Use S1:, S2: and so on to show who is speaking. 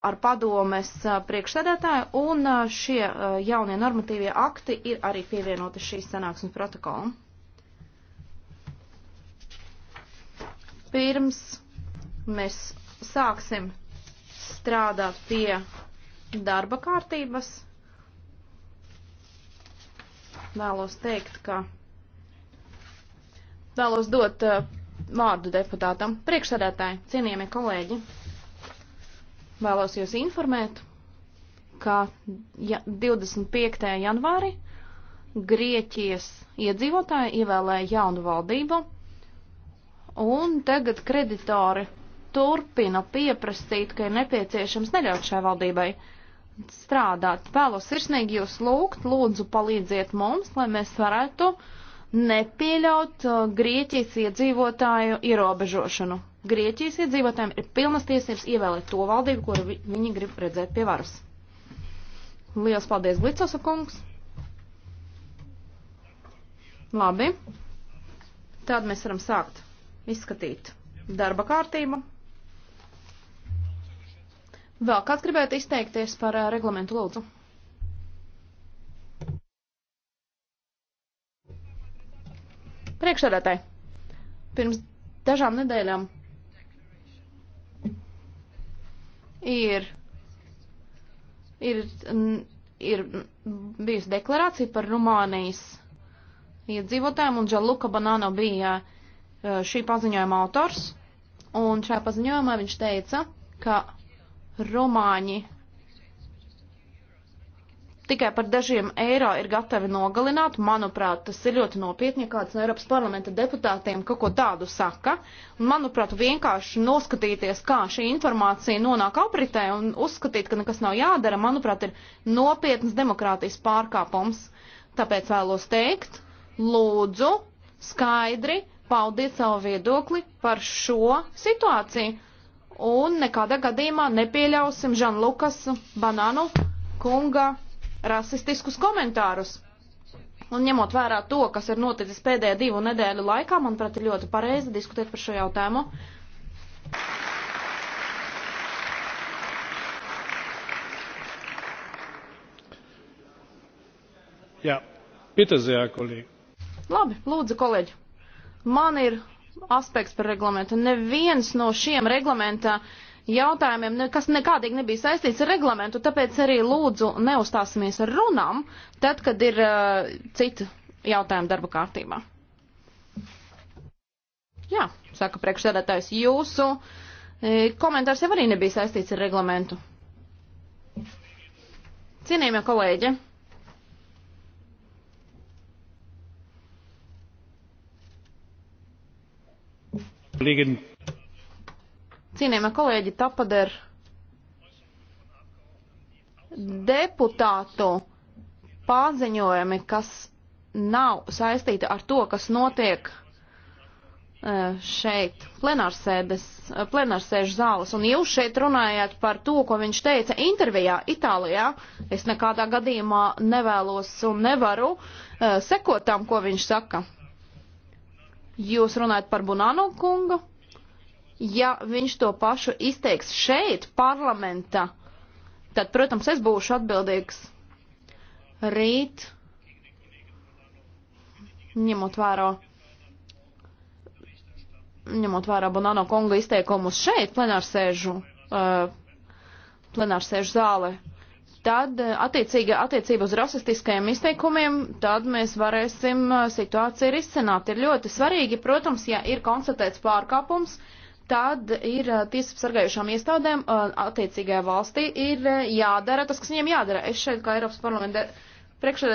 S1: ar padomes priekšsēdētāju, un šie jaunie normatīvie akti ir arī pievienoti šīs sanāksmes protokolam. Pirms mēs sāksim strādāt pie darba kārtības, vēlos teikt, ka vēlos dot vārdu deputātam, priekšsēdētāji, cienījamie kolēģi. Vēlos jūs informēt, ka 25. janvāri Grieķijas iedzīvotāji ievēlēja jaunu valdību, un tagad kreditori turpina pieprasīt, ka ir nepieciešams neļaut šai valdībai strādāt. Vēlos sirsnīgi jūs lūgt, lūdzu palīdziet mums, lai mēs varētu nepieļaut uh, Grieķijas iedzīvotāju ierobežošanu. Grieķijas iedzīvotājiem ir pilnas tiesības ievēlēt to valdību, kuru viņi grib redzēt pie varas. Lielas paldies, Glicosa kungs! Labi, tad mēs varam sākt izskatīt darba kārtību. Vēl kāds gribētu izteikties par reglamentu lūdzu? Priekšsēdētāji, pirms dažām nedēļām ir, ir, ir bijusi deklarācija par Rumānijas iedzīvotājiem, un Džaluka Banano bija e, šī paziņojuma autors, un šajā paziņojumā viņš teica, ka Rumāņi tikai par dažiem eiro ir gatavi nogalināt. Manuprāt, tas ir ļoti nopietni, ja kāds no Eiropas parlamenta deputātiem kaut ko tādu saka. Manuprāt, vienkārši noskatīties, kā šī informācija nonāk apritē un uzskatīt, ka nekas nav jādara, manuprāt, ir nopietnas demokrātijas pārkāpums. Tāpēc vēlos teikt, lūdzu, skaidri paudiet savu viedokli par šo situāciju. Un nekādā gadījumā nepieļausim Žanlukas banānu kunga rasistiskus komentārus. Un ņemot vērā to, kas ir noticis pēdējā divu nedēļu laikā, manuprāt, ir ļoti pareizi diskutēt par šo jautājumu. Jā, pitazajā kolēģi. Labi, lūdzu, kolēģi. Man ir aspekts par reglamentu. Neviens no šiem reglamenta uh, jautājumiem, kas nekādīgi nebija saistīts ar reglamentu, tāpēc arī lūdzu neuzstāsimies ar runām, tad, kad ir uh, citi jautājumi darba kārtībā. Jā, saka priekšsēdētājs, jūsu e, komentārs jau arī nebija saistīts ar reglamentu. Cienījamie kolēģi! Kolēģi, Cienījamie kolēģi, tapader deputātu paziņojumi, kas nav saistīti ar to, kas notiek e, šeit plenārsēdes, e, plenārsēžu zāles, un jūs šeit runājāt par to, ko viņš teica intervijā Itālijā. Es nekādā gadījumā nevēlos un nevaru e, sekot tam, ko viņš saka. Jūs runājat par Bunāno kungu, ja viņš to pašu izteiks šeit, parlamentā, tad, protams, es būšu atbildīgs. Rīt, ņemot vērā, ņemot vērā Bonano kunga izteikumus šeit, plenārsēžu, uh, plenārsēžu zālē, tad uh, attiecīgi attiecību uz rasistiskajiem izteikumiem, tad mēs varēsim uh, situāciju risināt. Ir ļoti svarīgi, protams, ja ir konstatēts pārkāpums, uh, tad ir tiesas sargājušām iestādēm attiecīgajā valstī ir jādara tas, kas viņiem jādara. Es šeit kā Eiropas parlamenta priekšsēdētājs.